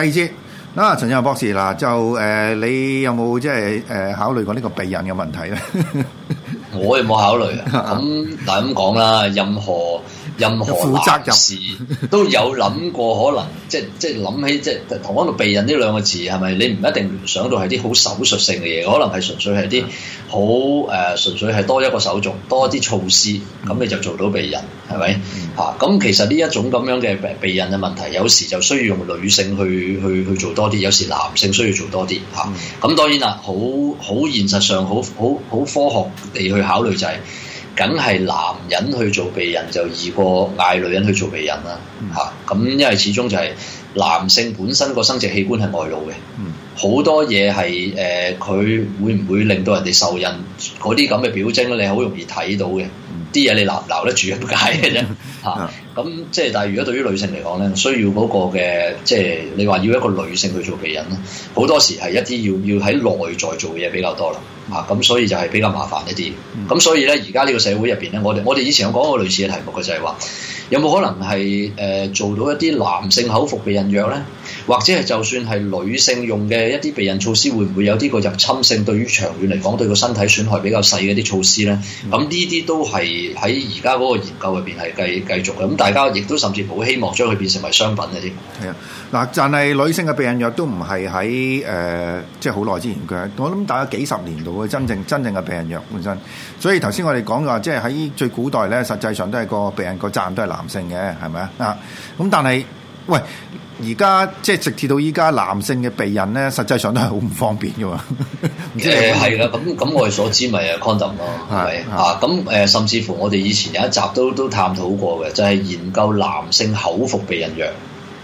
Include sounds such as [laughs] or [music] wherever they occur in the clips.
第二節啊，陳志宏博士嗱，就誒、呃、你有冇即係誒考慮過呢個避孕嘅問題咧？ [laughs] 我有冇考慮啊？咁嗱，咁講啦，任何任何負責任事都有諗過，可能即即諗起即同講到避孕呢兩個字，係咪你唔一定聯想到係啲好手術性嘅嘢，可能係純粹係啲。嗯好誒，純、uh, 粹係多一個手續，多一啲措施，咁你就做到避孕，係咪？嚇、mm. 啊，咁其實呢一種咁樣嘅避孕嘅問題，有時就需要用女性去去去做多啲，有時男性需要做多啲嚇。咁、啊、當然啦，好好現實上，好好好科學地去考慮就係、係，梗係男人去做避孕就易過嗌女人去做避孕啦。嚇、啊，咁、嗯啊、因為始終就係、係。男性本身個生殖器官係外露嘅，好、嗯、多嘢係誒佢會唔會令到人哋受孕嗰啲咁嘅表徵咧，你好容易睇到嘅。啲嘢、嗯、你留唔留得住咁解嘅啫嚇。咁即係但係如果對於女性嚟講咧，需要嗰個嘅即係你話要一個女性去做避孕咧，好多時係一啲要要喺內在做嘢比較多啦。啊咁，所以就係比較麻煩一啲。咁、嗯、所以咧，而家呢個社會入邊咧，我哋我哋以前有講過類似嘅題目嘅，就係、是、話。有冇可能係誒、呃、做到一啲男性口服避孕藥咧？或者係就算係女性用嘅一啲避孕措施，會唔會有啲個入侵性對於長遠嚟講對個身體損害比較細嘅一啲措施咧？咁呢啲都係喺而家嗰個研究入邊係繼繼續嘅。咁大家亦都甚至好希望將佢變成為商品嘅添。係啊，嗱，但係女性嘅避孕藥都唔係喺誒即係好耐之前嘅，我諗大概幾十年度嘅真正真正嘅避孕藥本身。所以頭先我哋講話即係喺最古代咧，實際上都係個避孕個責任都係男。男性嘅係咪啊？咁但係喂，而家即係直至到依家，男性嘅避孕咧，實際上都係好唔方便嘅喎。誒係啦，咁咁我哋所知咪 condom 咯，係、嗯、啊。咁誒、 [laughs] 嗯嗯，甚至乎我哋以前有一集都都探討過嘅，就係、是、研究男性口服避孕藥。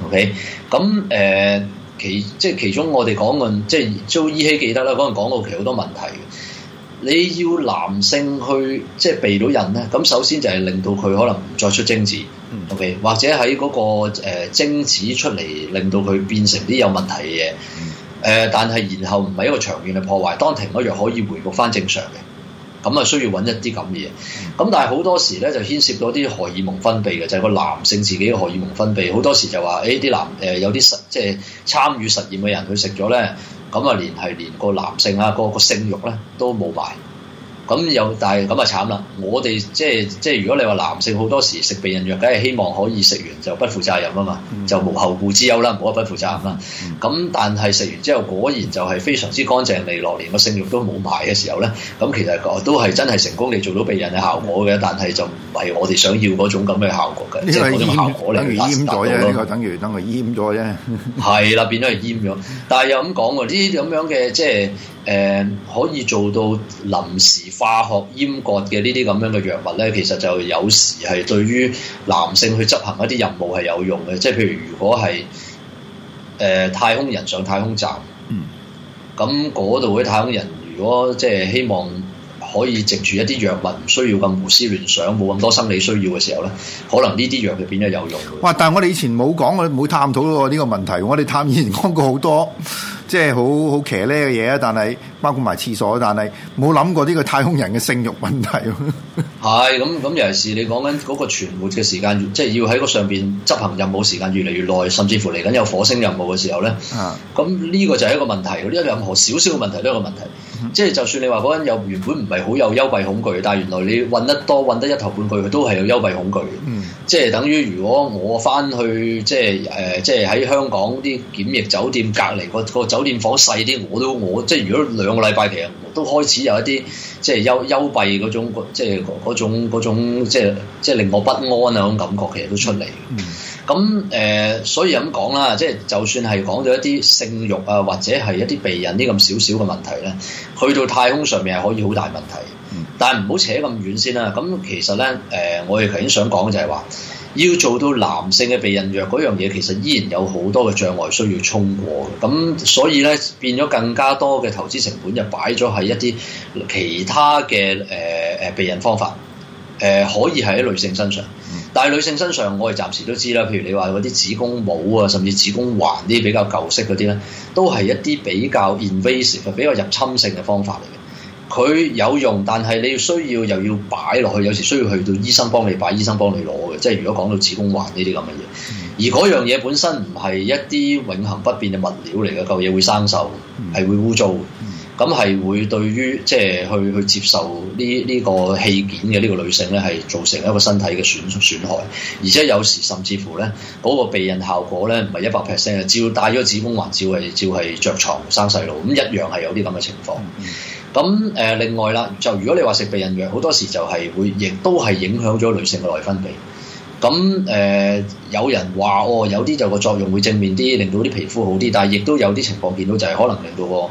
OK，咁誒、嗯嗯嗯、其即係其中我哋講緊，即係 Jo 依希記得啦，嗰陣講過其實好多問題。你要男性去即係避到人呢。咁首先就係令到佢可能唔再出精子、嗯，OK，或者喺嗰個精子出嚟，令到佢變成啲有問題嘅嘢。誒、嗯呃，但係然後唔係一個長遠嘅破壞，當停嗰藥可以回復翻正常嘅。咁啊，需要揾一啲咁嘅嘢。咁但係好多時呢，就牽涉到啲荷爾蒙分泌嘅，就係個男性自己荷爾蒙分泌好多時就話誒啲男誒、呃、有啲實即係參與實驗嘅人佢食咗呢。咁啊，連係連個男性啊，個個性欲咧都冇埋。咁又，但係咁啊，慘啦！我哋即係即係，如果你話男性好多時食避孕藥，梗係希望可以食完就不負責任啊嘛，嗯、就無後顧之憂啦，冇一不負責任啦。咁、嗯、但係食完之後果然就係非常之乾淨利落，連個性慾都冇埋嘅時候咧，咁其實都係真係成功地做到避孕嘅效果嘅，但係就唔係我哋想要嗰種咁嘅效果嘅，即係嗰種效果嚟。等佢閹咗啫，就等於等佢閹咗啫。係啦，變咗係閹咗。但係又咁講喎，呢啲咁樣嘅即係。誒、呃、可以做到臨時化學閹割嘅呢啲咁樣嘅藥物咧，其實就有時係對於男性去執行一啲任務係有用嘅，即係譬如如果係誒、呃、太空人上太空站，咁嗰度啲太空人如果即係希望。可以藉住一啲藥物，唔需要咁胡思亂想，冇咁多生理需要嘅時候咧，可能呢啲藥就變咗有用。哇！但係我哋以前冇講，我哋冇探討過呢個問題。我哋探以前講過好多，即係好好騎呢嘅嘢啊。但係包括埋廁所，但係冇諗過呢個太空人嘅性慾問題。係咁咁，尤其是你講緊嗰個存活嘅時間，即係要喺個上邊執行任務時間越嚟越耐，甚至乎嚟緊有火星任務嘅時候咧。啊！咁呢個就係一個問題。呢任何少少嘅問題都係一個問題。即係就算你話嗰陣有原本唔係好有幽閉恐懼，但係原來你揾得多揾得一頭半句，都係有幽閉恐懼嘅。嗯、即係等於如果我翻去即係誒，即係喺、呃、香港啲檢疫酒店隔離個個酒店房細啲，我都我即係如果兩個禮拜期啊，其實都開始有一啲。即係幽幽閉嗰種，即係嗰種，嗰種即係即係令我不安嗰種感覺，其實都出嚟。咁誒、嗯呃，所以咁講啦，即係就算係講到一啲性慾啊，或者係一啲避孕呢咁少少嘅問題咧，去到太空上面係可以好大問題。嗯、但係唔好扯咁遠先啦、啊。咁其實咧，誒、呃，我哋頭先想講就係話，要做到男性嘅避孕藥嗰樣嘢，其實依然有好多嘅障礙需要衝過嘅，咁所以咧，變咗更加多嘅投資成本就擺咗喺一啲其他嘅誒誒避孕方法，誒、呃、可以喺女性身上，但係女性身上我哋暫時都知啦，譬如你話嗰啲子宮帽啊，甚至子宮環啲比較舊式嗰啲咧，都係一啲比較 invasive 嘅比較入侵性嘅方法嚟。佢有用，但係你要需要又要擺落去，有時需要去到醫生幫你擺，醫生幫你攞嘅。即係如果講到子宮環呢啲咁嘅嘢，而嗰樣嘢本身唔係一啲永恆不變嘅物料嚟嘅，舊嘢會生鏽，係會污糟，咁係會對於即係去去接受呢呢個器件嘅呢個女性咧，係造成一個身體嘅損損害，而且有時甚至乎咧，嗰個避孕效果咧唔係一百 percent，照戴咗子宮環，照係照係着床生細路，咁一樣係有啲咁嘅情況。咁誒、呃，另外啦，就如果你話食避孕藥，好多時就係會，亦都係影響咗女性嘅內分泌。咁誒、呃，有人話哦，有啲就個作用會正面啲，令到啲皮膚好啲，但係亦都有啲情況見到就係可能令到個誒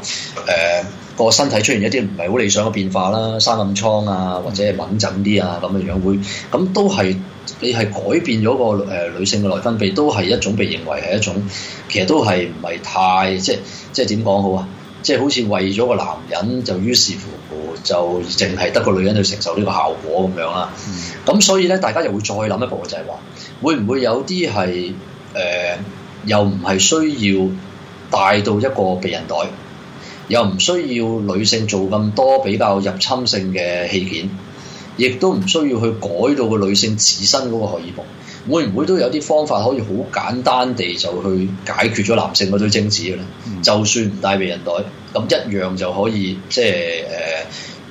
個身體出現一啲唔係好理想嘅變化啦，生暗瘡啊，或者係敏感啲啊，咁嘅樣會，咁都係你係改變咗個誒、呃、女性嘅內分泌，都係一種被認為係一種，其實都係唔係太即係即係點講好啊？即係好似為咗個男人，就於是乎就淨係得個女人去承受呢個效果咁樣啦。咁所以咧，大家就會再諗一步就係話，會唔會有啲係誒又唔係需要帶到一個避孕袋，又唔需要女性做咁多比較入侵性嘅器件？亦都唔需要去改到個女性自身嗰個荷爾蒙，會唔會都有啲方法可以好簡單地就去解決咗男性嗰對精子嘅咧？嗯、就算唔帶避孕袋，咁一樣就可以即係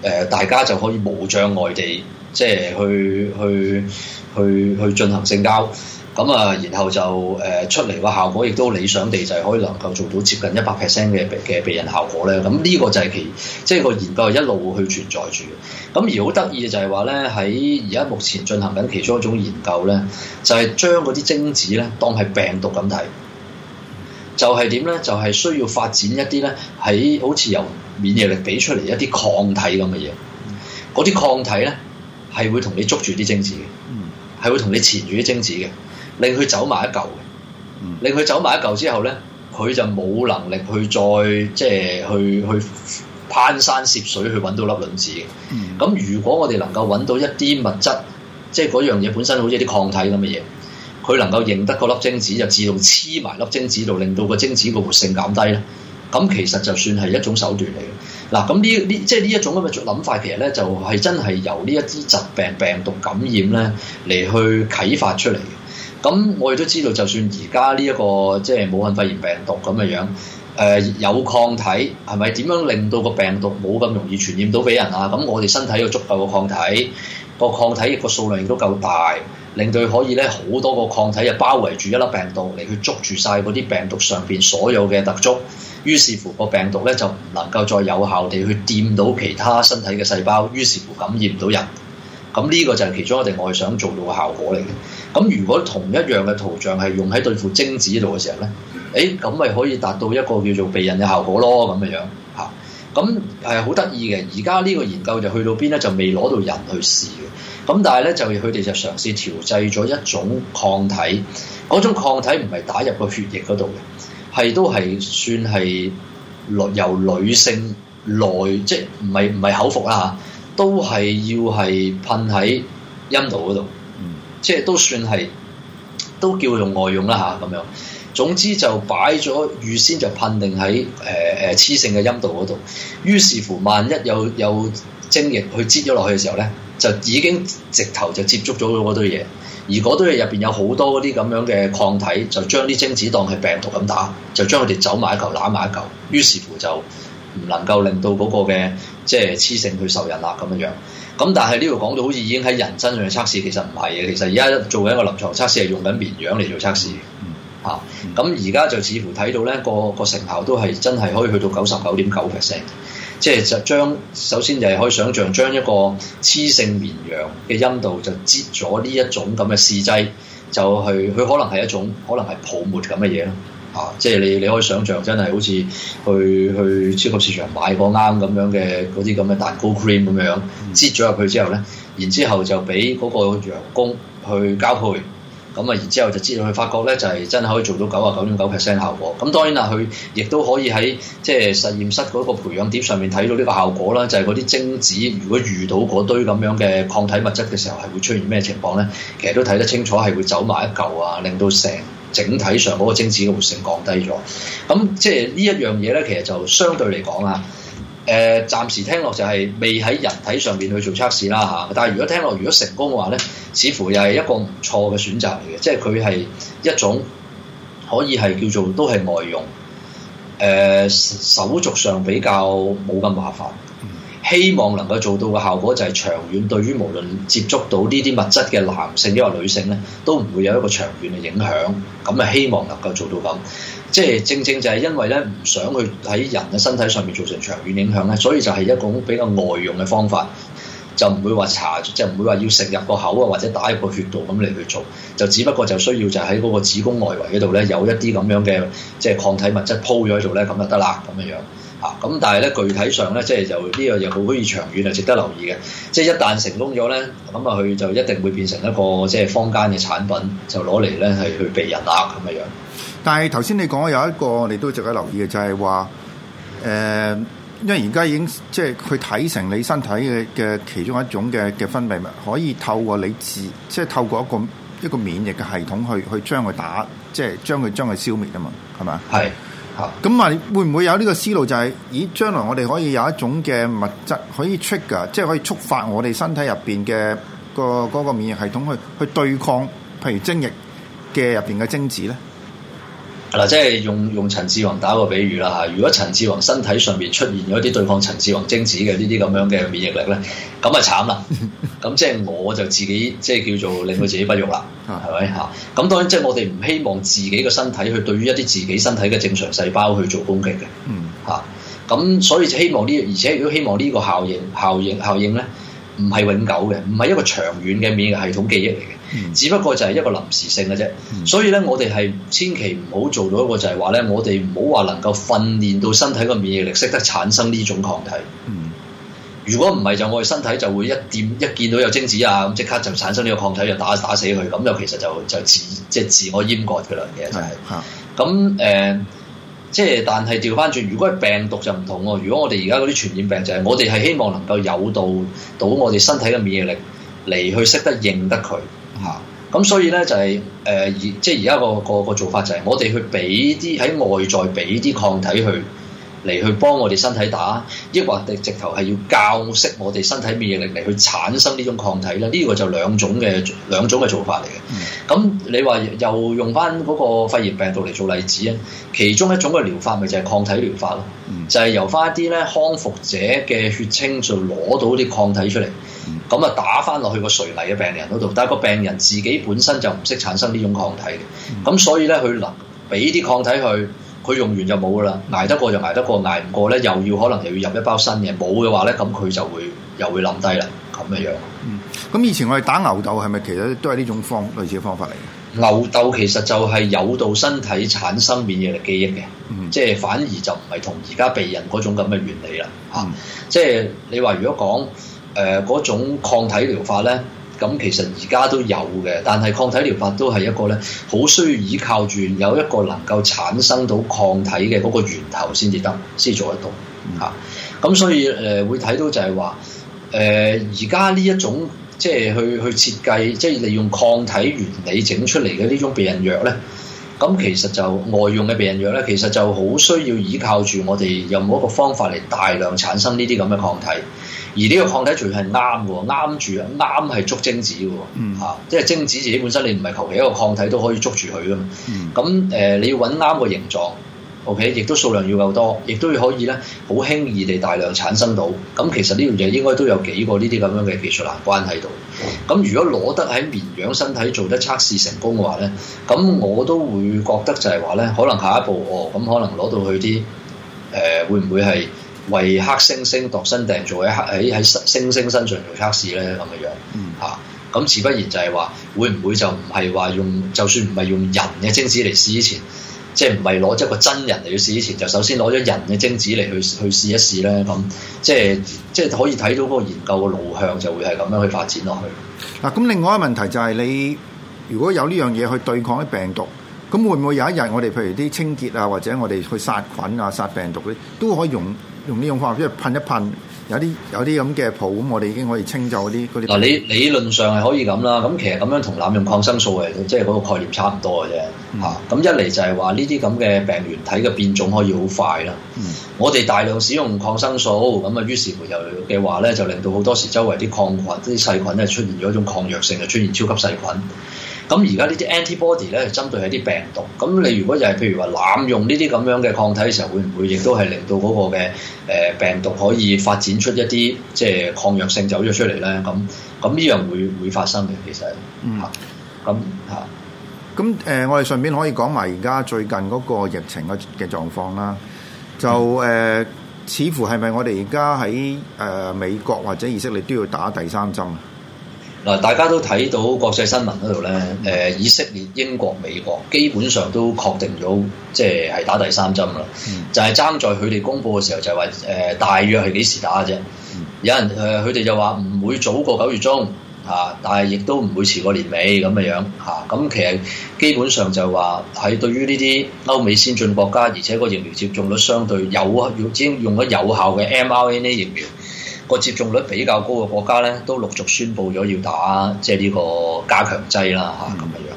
誒誒，大家就可以無障礙地即係去去去去,去進行性交。咁啊，然後就誒出嚟個效果亦都理想地就係可以能夠做到接近一百 percent 嘅嘅避孕效果咧。咁、這、呢個就係其即係、就是、個研究係一路去存在住。嘅。咁而好得意嘅就係話咧，喺而家目前進行緊其中一種研究咧，就係將嗰啲精子咧當係病毒咁睇，就係點咧？就係、是、需要發展一啲咧喺好似由免疫力俾出嚟一啲抗體咁嘅嘢，嗰啲抗體咧係會同你捉住啲精子嘅，係會同你纏住啲精子嘅。令佢走埋一嚿嘅，令佢走埋一嚿之後咧，佢就冇能力去再即係去去攀山涉水去揾到粒卵子嘅。咁、嗯、如果我哋能夠揾到一啲物質，即係嗰樣嘢本身好似啲抗體咁嘅嘢，佢能夠認得個粒精子，就自動黐埋粒精子度，令到個精子個活性減低咧。咁其實就算係一種手段嚟嘅。嗱，咁呢呢即係呢一種咁嘅諗法，其實咧就係、是、真係由呢一啲疾病病毒感染咧嚟去啟發出嚟。咁、嗯、我哋都知道，就算而家呢一個即係新冠肺炎病毒咁嘅樣，誒、呃、有抗體，係咪點樣令到個病毒冇咁容易傳染到俾人啊？咁、嗯、我哋身體有足夠嘅抗體，個抗體個數量亦都夠大，令到可以咧好多個抗體就包圍住一粒病毒嚟去捉住晒嗰啲病毒上邊所有嘅特徵，於是乎個病毒咧就唔能夠再有效地去掂到其他身體嘅細胞，於是乎感染到人。咁呢個就係其中一個我哋外想做到嘅效果嚟嘅。咁如果同一樣嘅圖像係用喺對付精子度嘅時候咧，誒咁咪可以達到一個叫做避孕嘅效果咯，咁嘅樣嚇。咁係好得意嘅。而家呢個研究就去到邊咧？就未攞到人去試嘅。咁但係咧就佢哋就嘗試調製咗一種抗體，嗰種抗體唔係打入個血液嗰度嘅，係都係算係內由女性內即係唔係唔係口服啊？都係要係噴喺陰道嗰度，嗯、即係都算係都叫用外用啦嚇咁樣。總之就擺咗預先就噴定喺誒誒雌性嘅陰道嗰度。於是乎，萬一有有精液去擠咗落去嘅時候呢，就已經直頭就接觸咗嗰堆嘢，而嗰堆嘢入邊有好多啲咁樣嘅抗體，就將啲精子當係病毒咁打，就將佢哋走埋一嚿攬埋一嚿。於是乎就，唔能夠令到嗰個嘅即係雌性去受孕啦咁樣樣，咁但係呢度講到好似已經喺人身上去測試，其實唔係嘅，其實而家做緊一個臨床測試係用緊綿羊嚟做測試嘅，咁而家就似乎睇到咧個個成效都係真係可以去到九十九點九 percent，即係就將首先就係可以想像將一個雌性綿羊嘅陰道就擠咗呢一種咁嘅試劑，就去佢可能係一種可能係泡沫咁嘅嘢啦。啊！即係你你可以想像，真像，真係好似去去超級市場買個啱咁樣嘅嗰啲咁嘅蛋糕 cream 咁樣，嗯、擠咗入去之後咧，然之後就俾嗰個羊公去交配，咁啊然之後就知道佢發覺咧就係、是、真係可以做到九十九點九 percent 效果。咁當然啊，佢亦都可以喺即係實驗室嗰個培養碟上面睇到呢個效果啦，就係嗰啲精子如果遇到嗰堆咁樣嘅抗體物質嘅時候係會出現咩情況咧？其實都睇得清楚係會走埋一嚿啊，令到成。整體上嗰個精子嘅活性降低咗，咁即係呢一樣嘢咧，其實就相對嚟講啊，誒、呃、暫時聽落就係未喺人體上邊去做測試啦吓，但係如果聽落，如果成功嘅話咧，似乎又係一個唔錯嘅選擇嚟嘅，即係佢係一種可以係叫做都係外用，誒、呃、手續上比較冇咁麻煩。希望能夠做到嘅效果就係長遠，對於無論接觸到呢啲物質嘅男性抑或女性咧，都唔會有一個長遠嘅影響。咁啊，希望能夠做到咁，即係正正就係因為咧唔想去喺人嘅身體上面造成長遠影響咧，所以就係一種比較外用嘅方法，就唔會話查，即係唔會話要食入個口啊，或者打入個血道咁嚟去做，就只不過就需要就喺嗰個子宮外圍嗰度咧有一啲咁樣嘅即係抗體物質鋪咗喺度咧，咁就得啦，咁樣樣。咁、啊、但係咧，具體上咧，即係就呢樣嘢好可以長遠啊，值得留意嘅。即係一旦成功咗咧，咁、嗯、啊，佢就一定會變成一個即係坊間嘅產品，就攞嚟咧係去避孕啊。咁嘅樣。但係頭先你講有一個，你都值得留意嘅，就係話誒，因為而家已經即係佢睇成你身體嘅嘅其中一種嘅嘅分泌物，可以透過你自即係透過一個一個免疫嘅系統去去將佢打，即係將佢將佢消滅啊嘛，係咪啊？係。咁咪會唔會有呢個思路？就係、是，咦，將來我哋可以有一種嘅物質可以 trigger，即係可以觸發我哋身體入邊嘅個嗰免疫系統去去對抗，譬如精液嘅入邊嘅精子咧。嗱，即係用用陳志宏打個比喻啦嚇，如果陳志宏身體上面出現咗一啲對抗陳志宏精子嘅呢啲咁樣嘅免疫力咧，咁啊慘啦！咁 [laughs] 即係我就自己即係叫做令到自己不育啦，係咪嚇？咁當然即係我哋唔希望自己個身體去對於一啲自己身體嘅正常細胞去做攻擊嘅，嚇。 [laughs] 咁所以就希望呢，而且亦都希望呢個效應效應效應咧，唔係永久嘅，唔係一個長遠嘅免疫系統記憶嚟嘅。只不過就係一個臨時性嘅啫， [noise] 所以咧我哋係千祈唔好做到一個就係話咧，我哋唔好話能夠訓練到身體個免疫力識得產生呢種抗體。 [noise] 如果唔係就我哋身體就會一掂一見到有精子啊，咁即刻就產生呢個抗體就打打死佢，咁就其實就就自即係、就是、自我閹割嘅樣嘢就係、是。咁誒，即係但係調翻轉，如果係病毒就唔同喎。如果我哋而家嗰啲傳染病就係、是、我哋係希望能夠誘導到，到我哋身體嘅免疫力嚟去識得認得佢。吓咁、嗯、所以咧就係、是、誒，而、呃、即係而家個個個做法就係我哋去俾啲喺外在俾啲抗體去。嚟去幫我哋身體打，抑或係直頭係要教識我哋身體免疫力嚟去產生呢種抗體咧？呢、呢個就兩種嘅兩、嗯、種嘅做法嚟嘅。咁、嗯、你話又用翻嗰個肺炎病毒嚟做例子啊？其中一種嘅療法咪就係抗體療法咯，嗯、就係由翻一啲咧康復者嘅血清就攞到啲抗體出嚟，咁啊、嗯、打翻落去個垂危嘅病人嗰度。但係個病人自己本身就唔識產生呢種抗體嘅，咁所以咧佢能俾啲抗體去。佢用完就冇噶啦，捱得過就捱得過，捱唔過咧又要可能又要入一包新嘢，冇嘅話咧咁佢就會又會冧低啦，咁嘅樣。嗯，咁以前我哋打牛痘係咪其實都係呢種方類似嘅方法嚟嘅？牛痘其實就係誘導身體產生免疫力基因嘅，嗯、即係反而就唔係同而家避孕嗰種咁嘅原理啦。嗯、啊，即係你話如果講誒嗰種抗體療法咧。咁其實而家都有嘅，但係抗體療法都係一個咧，好需要依靠住有一個能夠產生到抗體嘅嗰個源頭先至得先做得到嚇。咁所以誒、呃、會睇到就係話誒而家呢一種即係去去設計，即係利用抗體原理整出嚟嘅呢種避孕藥咧。咁其實就外用嘅避孕藥咧，其實就好需要依靠住我哋有冇一個方法嚟大量產生呢啲咁嘅抗體。而呢個抗體仲要係啱嘅喎，啱住啊，啱係捉精子喎，嚇，即係精子自己本身你唔係求其一個抗體都可以捉住佢嘅嘛。咁誒、嗯呃，你要揾啱個形狀，OK，亦都數量要夠多，亦都可以咧好輕易地大量產生到。咁其實呢樣嘢應該都有幾個呢啲咁樣嘅技術難關喺度。咁如果攞得喺綿羊身體做得測試成功嘅話咧，咁我都會覺得就係話咧，可能下一步哦，咁可能攞到佢啲誒會唔會係？為黑猩猩度身訂造喺黑喺喺猩猩身上做測試咧咁嘅樣嚇，咁、啊、自不然就係話會唔會就唔係話用就算唔係用人嘅精子嚟試之前，即係唔係攞咗個真人嚟去試之前，就首先攞咗人嘅精子嚟去去試一試咧咁，即係即係可以睇到嗰個研究嘅路向就會係咁樣去發展落去。嗱、啊，咁另外一個問題就係、是、你如果有呢樣嘢去對抗啲病毒，咁會唔會有一日我哋譬如啲清潔啊，或者我哋去殺菌啊、殺病毒咧，都可以用？用呢種化妝品噴一噴，有啲有啲咁嘅泡，咁我哋已經可以清走嗰啲啲。嗱理，理理論上係可以咁啦。咁其實咁樣同濫用抗生素嘅即係嗰個概念差唔多嘅啫。嚇、嗯，咁一嚟就係話呢啲咁嘅病原體嘅變種可以好快啦。嗯、我哋大量使用抗生素，咁啊於是乎又嘅話咧，就令到好多時周圍啲抗菌、啲細菌咧出現咗一種抗藥性，就出現超級細菌。咁而家呢啲 antibody 咧，針對係啲病毒。咁你如果就係譬如話濫用呢啲咁樣嘅抗體嘅時候，會唔會亦都係令到嗰個嘅誒病毒可以發展出一啲即係抗藥性走咗出嚟咧？咁咁呢樣會會發生嘅其實。嗯、啊。咁嚇。咁、啊、誒、呃，我哋順便可以講埋而家最近嗰個疫情嘅嘅狀況啦。就誒、呃，似乎係咪我哋而家喺誒美國或者以色列都要打第三針？嗱，大家都睇到國際新聞嗰度咧，誒、呃，以色列、英國、美國基本上都確定咗，即係係打第三針啦。嗯、就係爭在佢哋公佈嘅時候就，就係話誒，大約係幾時打啫？嗯、有人誒，佢、呃、哋就話唔會早過九月中嚇、啊，但係亦都唔會遲過年尾咁嘅樣嚇。咁、啊嗯、其實基本上就話喺對於呢啲歐美先進國家，而且個疫苗接種率相對有要用咗有效嘅 mRNA 疫苗。個接種率比較高嘅國家咧，都陸續宣布咗要打即係呢個加強劑啦嚇咁嘅樣。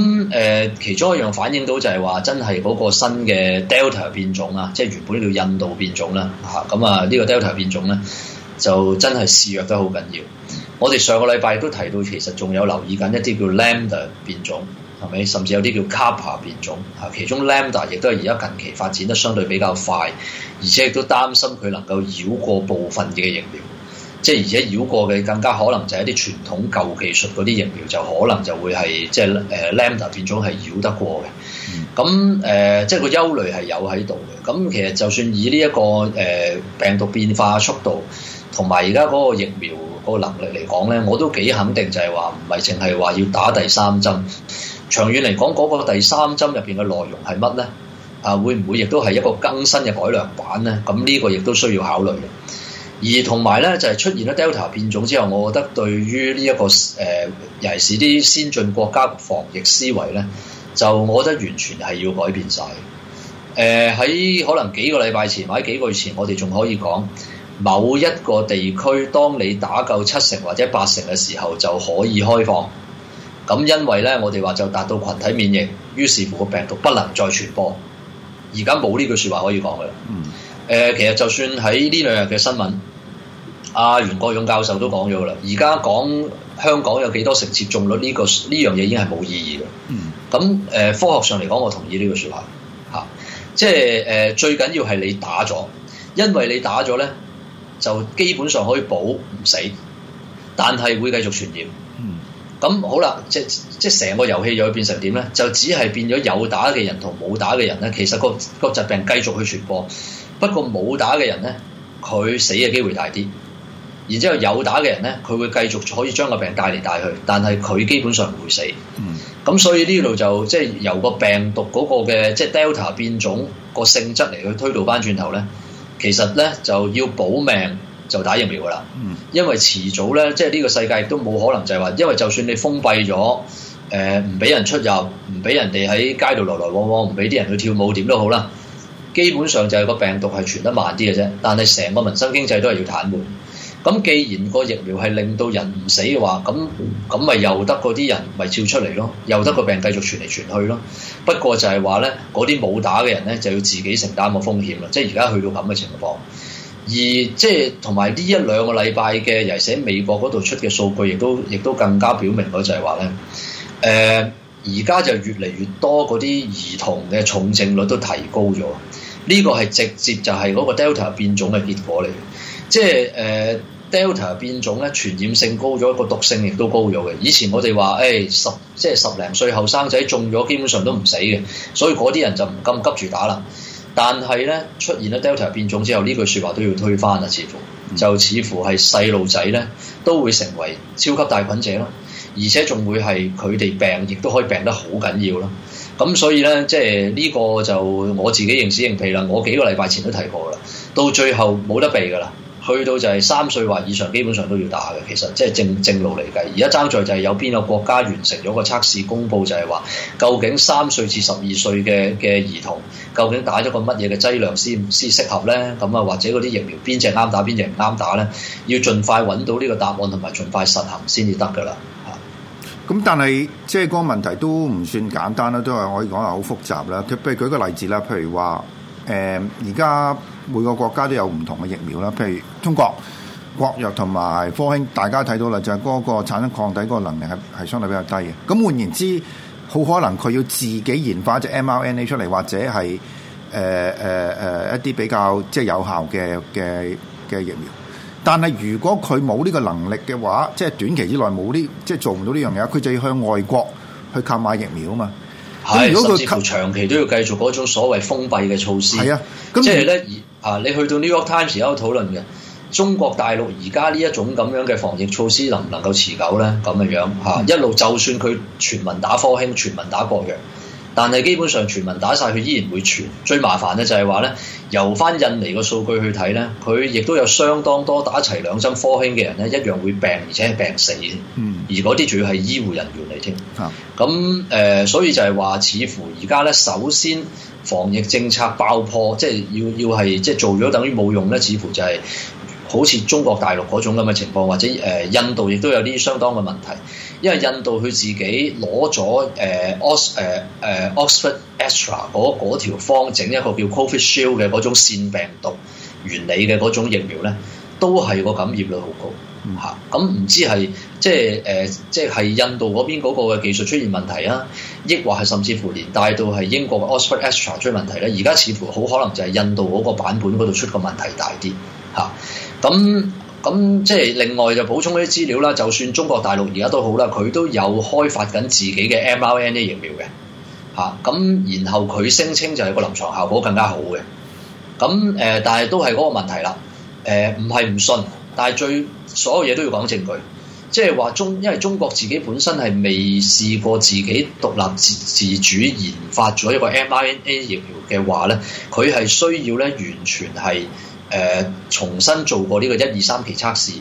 咁誒、呃，其中一樣反映到就係話，真係嗰個新嘅 Delta 變種啊，即係原本叫印度變種啦嚇。咁啊，呢個 Delta 變種咧，就真係肆虐得好緊要。我哋上個禮拜都提到，其實仲有留意緊一啲叫 Lambda 變種。係咪？甚至有啲叫卡帕變種，嚇，其中 Lambda 亦都係而家近期發展得相對比較快，而且亦都擔心佢能夠繞過部分嘅疫苗，即係而家繞過嘅更加可能就係一啲傳統舊技術嗰啲疫苗就可能就會係即係誒 Lambda 變種係繞得過嘅。咁誒、嗯呃，即係個憂慮係有喺度嘅。咁其實就算以呢、這、一個誒、呃、病毒變化速度同埋而家嗰個疫苗嗰個能力嚟講咧，我都幾肯定就係話唔係淨係話要打第三針。長遠嚟講，嗰個第三針入邊嘅內容係乜呢？啊，會唔會亦都係一個更新嘅改良版呢？咁呢個亦都需要考慮嘅。而同埋呢，就係出現咗 Delta 變種之後，我覺得對於呢一個誒，尤其是啲先進國家防疫思維呢，就我覺得完全係要改變晒。誒，喺可能幾個禮拜前或者幾個月前，我哋仲可以講某一個地區，當你打夠七成或者八成嘅時候，就可以開放。咁因為咧，我哋話就達到群體免疫，於是乎個病毒不能再傳播。而家冇呢句説話可以講嘅啦。誒、嗯呃，其實就算喺呢兩日嘅新聞，阿、啊、袁國勇教授都講咗啦。而家講香港有幾多成接種率呢？這個呢樣嘢已經係冇意義嘅。咁誒、嗯呃，科學上嚟講，我同意呢句説話嚇、啊。即係誒、呃，最緊要係你打咗，因為你打咗咧，就基本上可以保唔死，但係會繼續傳染。咁好啦，即即成個遊戲又會變成點咧？就只係變咗有打嘅人同冇打嘅人咧。其實個個疾病繼續去傳播，不過冇打嘅人咧，佢死嘅機會大啲。然之後有打嘅人咧，佢會繼續可以將個病帶嚟帶去，但係佢基本上唔會死。嗯。咁所以呢度就即係由個病毒嗰個嘅即係 Delta 變種個性質嚟去推導翻轉頭咧，其實咧就要保命。就打疫苗噶啦，因為遲早咧，即係呢個世界都冇可能就係話，因為就算你封閉咗，誒唔俾人出入，唔俾人哋喺街度來來往往，唔俾啲人去跳舞，點都好啦。基本上就係個病毒係傳得慢啲嘅啫。但係成個民生經濟都係要癱瘓。咁既然個疫苗係令到人唔死嘅話，咁咁咪又得嗰啲人咪照出嚟咯，又得個病繼續傳嚟傳去咯。不過就係話咧，嗰啲冇打嘅人咧就要自己承擔個風險啦。即係而家去到咁嘅情況。而即係同埋呢一兩個禮拜嘅，尤其是喺美國嗰度出嘅數據，亦都亦都更加表明咗，就係話咧，誒而家就越嚟越多嗰啲兒童嘅重症率都提高咗，呢、這個係直接就係嗰個 Del 變、呃、Delta 變種嘅結果嚟嘅。即係誒 Delta 變種咧，傳染性高咗，個毒性亦都高咗嘅。以前我哋話誒十即係十零歲後生仔中咗，基本上都唔死嘅，所以嗰啲人就唔咁急住打啦。但係咧出現咗 Delta 變種之後，呢句説話都要推翻啦！似乎就似乎係細路仔咧都會成為超級大菌者咯，而且仲會係佢哋病，亦都可以病得好緊要啦。咁所以咧，即係呢個就我自己認屎認屁啦！我幾個禮拜前都提過啦，到最後冇得避㗎啦。去到就係三歲或以上，基本上都要打嘅。其實即係正正路嚟計，而家爭在就係有邊個國家完成咗個測試、公佈，就係話究竟三歲至十二歲嘅嘅兒童，究竟打咗個乜嘢嘅劑量先先適合咧？咁啊，或者嗰啲疫苗邊隻啱打，邊隻唔啱打咧？要盡快揾到呢個答案，同埋盡快實行先至得噶啦。嚇！咁但係即係個問題都唔算簡單啦，都係可以講係好複雜啦。佢譬如舉個例子啦，譬如話誒，而、呃、家。每個國家都有唔同嘅疫苗啦，譬如中國國藥同埋科興，大家睇到啦，就係嗰個產生抗體嗰個能力係係相對比較低嘅。咁換言之，好可能佢要自己研發隻 mRNA 出嚟，或者係誒誒誒一啲比較即係有效嘅嘅嘅疫苗。但係如果佢冇呢個能力嘅話，即係短期之內冇呢，即係做唔到呢樣嘢，佢就要向外國去購買疫苗嘛。係，嗯、甚至乎長期都要繼續嗰種所謂封閉嘅措施。係啊，即係咧，而啊，你去到 New York Times 有討論嘅中國大陸而家呢一種咁樣嘅防疫措施能唔能夠持久咧？咁嘅樣嚇，啊嗯、一路就算佢全民打科興，全民打國藥。但係基本上，全民打晒，佢依然會傳。最麻煩咧就係話咧，由翻印尼個數據去睇咧，佢亦都有相當多打齊兩針科興嘅人咧，一樣會病，而且係病死。嗯。而嗰啲主要係醫護人員嚟㗎。咁誒、嗯呃，所以就係話，似乎而家咧，首先防疫政策爆破，即係要要係即係做咗，等於冇用咧。似乎就係、是、好似中國大陸嗰種咁嘅情況，或者誒、呃、印度亦都有啲相當嘅問題。因為印度佢自己攞咗誒 o s 誒誒 Oxford Extra 嗰條方整一個叫 Covid Shield 嘅嗰種腺病毒原理嘅嗰種疫苗咧，都係個感染率好高嚇。咁唔、嗯啊、知係即係誒，即係係、呃、印度嗰邊嗰個嘅技術出現問題啊，抑或係甚至乎連帶到係英國嘅 Oxford Extra 出現問題咧？而家似乎好可能就係印度嗰個版本嗰度出個問題大啲嚇。咁、啊咁即係另外就補充啲資料啦，就算中國大陸而家都好啦，佢都有開發緊自己嘅 mRNA 疫苗嘅，嚇、啊、咁然後佢聲稱就係個臨床效果更加好嘅。咁、啊、誒，但係都係嗰個問題啦。誒唔係唔信，但係最所有嘢都要講證據，即係話中因為中國自己本身係未試過自己獨立自自主研發咗一個 mRNA 疫苗嘅話咧，佢係需要咧完全係。誒、呃、重新做過呢個一二三期測試，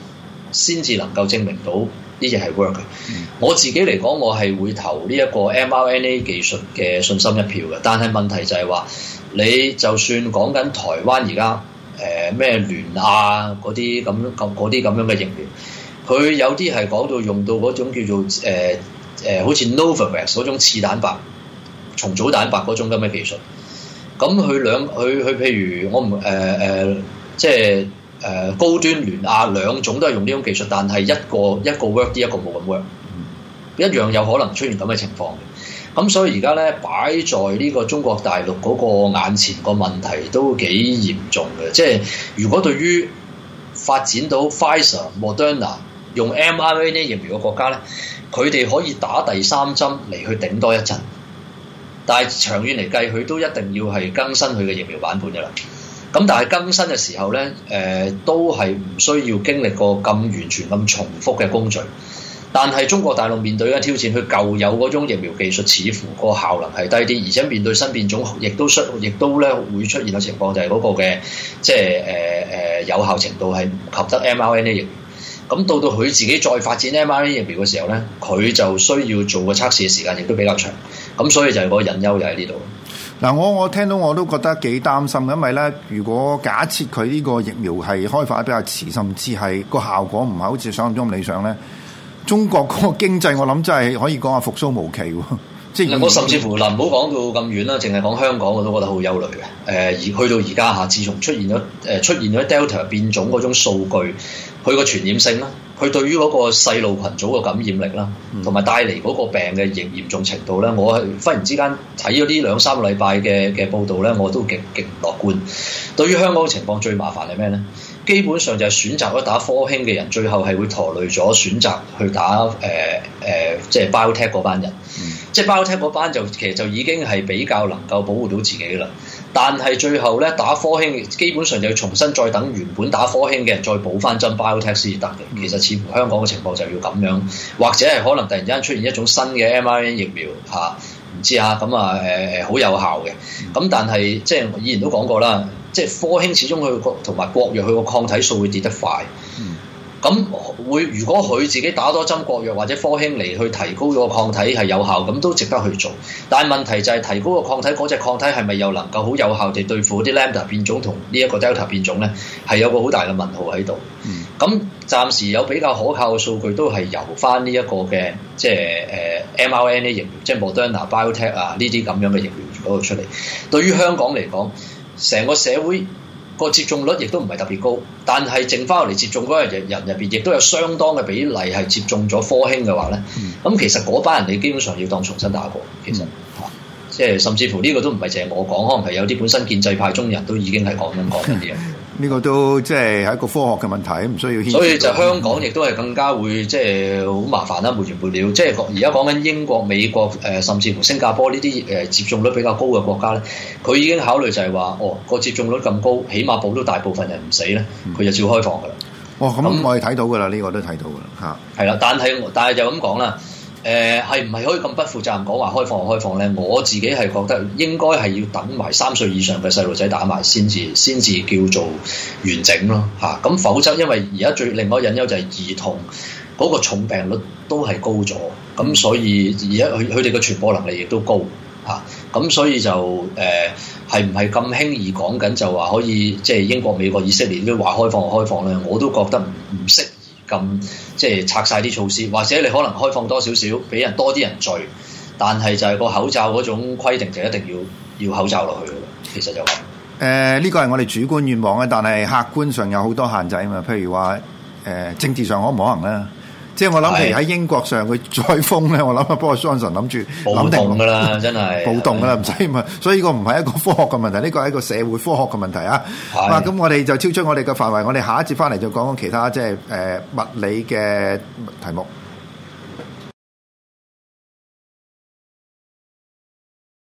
先至能夠證明到呢隻係 work 嘅。嗯、我自己嚟講，我係會投呢一個 mRNA 技術嘅信心一票嘅。但係問題就係話，你就算講緊台灣而家誒咩聯亞嗰啲咁咁啲咁樣嘅疫苗，佢有啲係講到用到嗰種叫做誒誒，好、呃、似、呃、Novavax 嗰種次蛋白、重組蛋白嗰種咁嘅技術。咁佢兩佢佢譬如我唔誒誒。呃呃呃即係誒、呃、高端聯亞兩種都係用呢種技術，但係一個一個 work 啲，一個冇咁 work，一樣有可能出現咁嘅情況嘅。咁、嗯、所以而家咧擺在呢個中國大陸嗰個眼前個問題都幾嚴重嘅。即係如果對於發展到 Pfizer、Moderna 用 mRNA 疫苗嘅國家咧，佢哋可以打第三針嚟去頂多一陣，但係長遠嚟計，佢都一定要係更新佢嘅疫苗版本嘅啦。咁但係更新嘅時候咧，誒、呃、都係唔需要經歷過咁完全、咁重複嘅工序。但係中國大陸面對嘅挑戰，佢舊有嗰種疫苗技術，似乎個效能係低啲，而且面對新變種，亦都失，亦都咧會出現嘅情況就，就係嗰個嘅即係誒誒有效程度係唔及得 mRNA 疫苗。咁、嗯、到到佢自己再發展 mRNA 疫苗嘅時候咧，佢就需要做嘅測試嘅時間亦都比較長。咁、嗯、所以就係個隱憂就喺呢度。嗱、啊，我我聽到我都覺得幾擔心，因為咧，如果假設佢呢個疫苗係開發得比較遲，甚至係個效果唔係好似想象中咁理想咧，中國嗰個經濟我諗真係可以講下復甦無期喎。即係我甚至乎，嗱，唔好講到咁遠啦，淨係講香港，我都覺得好憂慮嘅。誒、呃，而去到而家嚇，自從出現咗誒、呃、出現咗 Delta 變種嗰種數據，佢個傳染性啦。佢對於嗰個細路群組嘅感染力啦，同埋帶嚟嗰個病嘅嚴嚴重程度咧，我係忽然之間睇咗呢兩三個禮拜嘅嘅報道咧，我都極極唔樂觀。對於香港嘅情況最麻煩係咩咧？基本上就係選擇咗打科興嘅人，最後係會拖累咗選擇去打誒誒、呃呃，即係 BioNTech 嗰班人。嗯、即係 BioNTech 嗰班就其實就已經係比較能夠保護到自己啦。但係最後咧，打科興基本上就要重新再等，原本打科興嘅人再補翻針 BioNTech 先得嘅。其實似乎香港嘅情況就要咁樣，或者係可能突然之間出現一種新嘅 mRNA 疫苗吓，唔知啊咁啊誒誒好有效嘅。咁但係即係以前都講過啦，即係科興始終佢國同埋國藥佢個抗體數會跌得快。嗯咁會，如果佢自己打多針國藥或者科興嚟去提高個抗體係有效，咁都值得去做。但係問題就係、是、提高抗、那個抗體，嗰隻抗體係咪又能夠好有效地對付啲 Lambda 變種同呢一個 Delta 變種咧？係有個好大嘅問號喺度。咁、嗯、暫時有比較可靠嘅數據都係由返呢一個嘅即係誒、呃、mRNA 嘅疫苗，即係 Moderna Bio、啊、BioNTech 啊呢啲咁樣嘅疫苗嗰度出嚟。對於香港嚟講，成個社會，個接種率亦都唔係特別高，但係剩翻落嚟接種嗰個人入邊，亦都有相當嘅比例係接種咗科興嘅話咧。咁、嗯、其實嗰班人你基本上要當重新打過，其實、嗯、即係甚至乎呢個都唔係淨係我講，可能係有啲本身建制派中人都已經係講緊講緊啲嘢。呢個都即係係一個科學嘅問題，唔需要牽涉。所以就香港亦都係更加會即係好麻煩啦，無完無了。即係而家講緊英國、美國誒、呃，甚至乎新加坡呢啲誒接種率比較高嘅國家咧，佢已經考慮就係話，哦個接種率咁高，起碼保到大部分人唔死咧，佢就照開放噶啦。哇！咁我哋睇到噶啦，呢個都睇到噶啦嚇。係啦、嗯，但係但係就咁講啦。誒係唔係可以咁不負責任講話開放就開放呢，我自己係覺得應該係要等埋三歲以上嘅細路仔打埋先至先至叫做完整咯，嚇、啊！咁否則因為而家最另外一個隱憂就係兒童嗰個重病率都係高咗，咁、啊、所以而家佢佢哋嘅傳播能力亦都高嚇，咁、啊啊、所以就誒係唔係咁輕易講緊就話可以即係、就是、英國、美國、以色列都話開放就開放呢，我都覺得唔識。咁即係拆晒啲措施，或者你可能開放多少少，俾人多啲人聚，但係就係個口罩嗰種規定就一定要要口罩落去咯。其實就誒呢個係我哋主觀願望啊，但係客觀上有好多限制啊嘛，譬如話誒、呃、政治上可唔可能咧？即係我諗，譬如喺英國上佢再封咧，我諗阿 Boris Johnson 諗住諗定，噶啦，真係暴動噶啦，唔使的問。所以呢個唔係一個科學嘅問題，呢、呢個係一個社會科學嘅問題啊。咁的我哋就超出我哋嘅範圍，我哋下一節翻嚟就講講其他即係誒、呃、物理嘅題目。